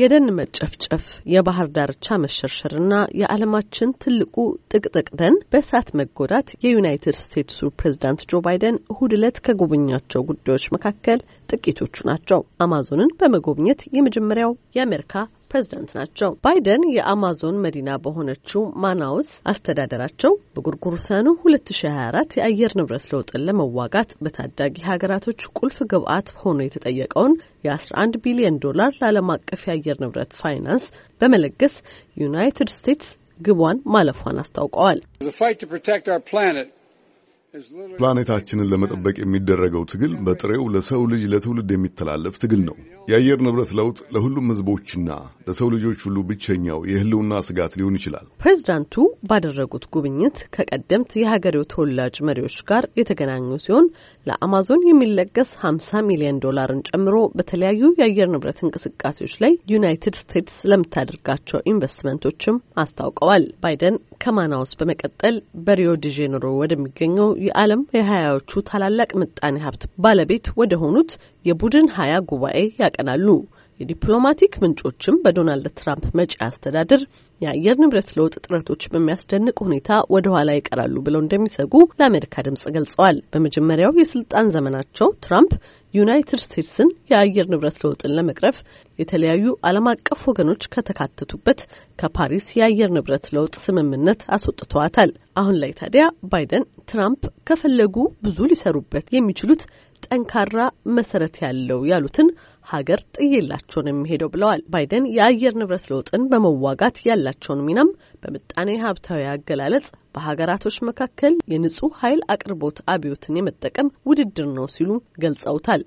የደን መጨፍጨፍ፣ የባህር ዳርቻ መሸርሸርና የዓለማችን ትልቁ ጥቅጥቅ ደን በእሳት መጎዳት የዩናይትድ ስቴትሱ ፕሬዝዳንት ጆ ባይደን እሁድ ዕለት ከጎበኛቸው ጉዳዮች መካከል ጥቂቶቹ ናቸው። አማዞንን በመጎብኘት የመጀመሪያው የአሜሪካ ፕሬዝዳንት ናቸው። ባይደን የአማዞን መዲና በሆነችው ማናውስ አስተዳደራቸው ሰኑ 2024 የአየር ንብረት ለውጥን ለመዋጋት በታዳጊ ሀገራቶች ቁልፍ ግብዓት ሆኖ የተጠየቀውን የ11 ቢሊዮን ዶላር ለዓለም አቀፍ የአየር ንብረት ፋይናንስ በመለገስ ዩናይትድ ስቴትስ ግቧን ማለፏን አስታውቀዋል። ፕላኔታችንን ለመጠበቅ የሚደረገው ትግል በጥሬው ለሰው ልጅ ለትውልድ የሚተላለፍ ትግል ነው። የአየር ንብረት ለውጥ ለሁሉም ሕዝቦችና ለሰው ልጆች ሁሉ ብቸኛው የህልውና ስጋት ሊሆን ይችላል። ፕሬዚዳንቱ ባደረጉት ጉብኝት ከቀደምት የሀገሬው ተወላጅ መሪዎች ጋር የተገናኙ ሲሆን ለአማዞን የሚለገስ 50 ሚሊዮን ዶላርን ጨምሮ በተለያዩ የአየር ንብረት እንቅስቃሴዎች ላይ ዩናይትድ ስቴትስ ለምታደርጋቸው ኢንቨስትመንቶችም አስታውቀዋል። ባይደን ከማናውስ በመቀጠል በሪዮ ዲ ጄኔሮ ወደሚገኘው የዓለም የሀያዎቹ ታላላቅ ምጣኔ ሀብት ባለቤት ወደ ሆኑት የቡድን ሀያ ጉባኤ ያቀናሉ። የዲፕሎማቲክ ምንጮችም በዶናልድ ትራምፕ መጪ አስተዳደር የአየር ንብረት ለውጥ ጥረቶች በሚያስደንቅ ሁኔታ ወደ ኋላ ይቀራሉ ብለው እንደሚሰጉ ለአሜሪካ ድምጽ ገልጸዋል። በመጀመሪያው የስልጣን ዘመናቸው ትራምፕ ዩናይትድ ስቴትስን የአየር ንብረት ለውጥን ለመቅረፍ የተለያዩ ዓለም አቀፍ ወገኖች ከተካተቱበት ከፓሪስ የአየር ንብረት ለውጥ ስምምነት አስወጥተዋታል። አሁን ላይ ታዲያ ባይደን ትራምፕ ከፈለጉ ብዙ ሊሰሩበት የሚችሉት ጠንካራ መሰረት ያለው ያሉትን ሀገር ጥይላቸው ነው የሚሄደው ብለዋል። ባይደን የአየር ንብረት ለውጥን በመዋጋት ያላቸውን ሚናም በምጣኔ ሀብታዊ አገላለጽ በሀገራቶች መካከል የንጹህ ኃይል አቅርቦት አብዮትን የመጠቀም ውድድር ነው ሲሉ ገልጸውታል።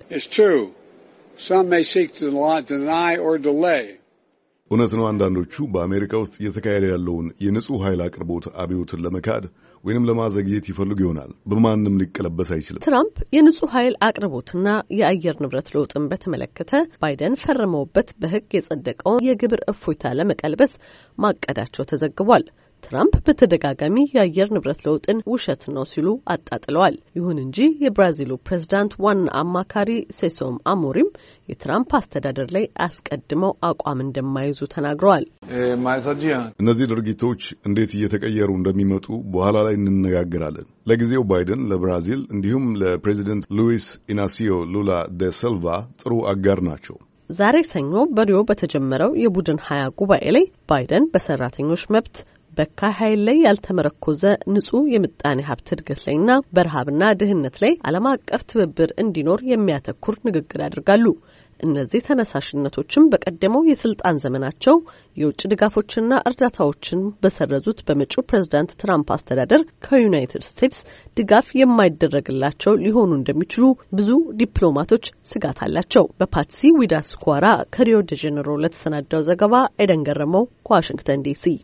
እውነት ነው። አንዳንዶቹ በአሜሪካ ውስጥ እየተካሄደ ያለውን የንጹሕ ኃይል አቅርቦት አብዮትን ለመካድ ወይንም ለማዘግየት ይፈልጉ ይሆናል። በማንም ሊቀለበስ አይችልም። ትራምፕ የንጹሕ ኃይል አቅርቦትና የአየር ንብረት ለውጥን በተመለከተ ባይደን ፈርመውበት በሕግ የጸደቀውን የግብር እፎይታ ለመቀልበስ ማቀዳቸው ተዘግቧል። ትራምፕ በተደጋጋሚ የአየር ንብረት ለውጥን ውሸት ነው ሲሉ አጣጥለዋል። ይሁን እንጂ የብራዚሉ ፕሬዝዳንት ዋና አማካሪ ሴሶም አሞሪም የትራምፕ አስተዳደር ላይ አስቀድመው አቋም እንደማይዙ ተናግረዋል። እነዚህ ድርጊቶች እንዴት እየተቀየሩ እንደሚመጡ በኋላ ላይ እንነጋገራለን። ለጊዜው ባይደን ለብራዚል እንዲሁም ለፕሬዚደንት ሉዊስ ኢናሲዮ ሉላ ደ ሰልቫ ጥሩ አጋር ናቸው። ዛሬ ሰኞ በሪዮ በተጀመረው የቡድን ሀያ ጉባኤ ላይ ባይደን በሰራተኞች መብት በካ ኃይል ላይ ያልተመረኮዘ ንጹህ የምጣኔ ሀብት እድገት ላይና በረሃብና ድህነት ላይ ዓለም አቀፍ ትብብር እንዲኖር የሚያተኩር ንግግር ያደርጋሉ። እነዚህ ተነሳሽነቶችም በቀደመው የስልጣን ዘመናቸው የውጭ ድጋፎችና እርዳታዎችን በሰረዙት በመጪው ፕሬዝዳንት ትራምፕ አስተዳደር ከዩናይትድ ስቴትስ ድጋፍ የማይደረግላቸው ሊሆኑ እንደሚችሉ ብዙ ዲፕሎማቶች ስጋት አላቸው። በፓትሲ ዊዳስኳራ ከሪዮ ደ ለተሰናዳው ዘገባ ኤደን ገረመው ከዋሽንግተን ዲሲ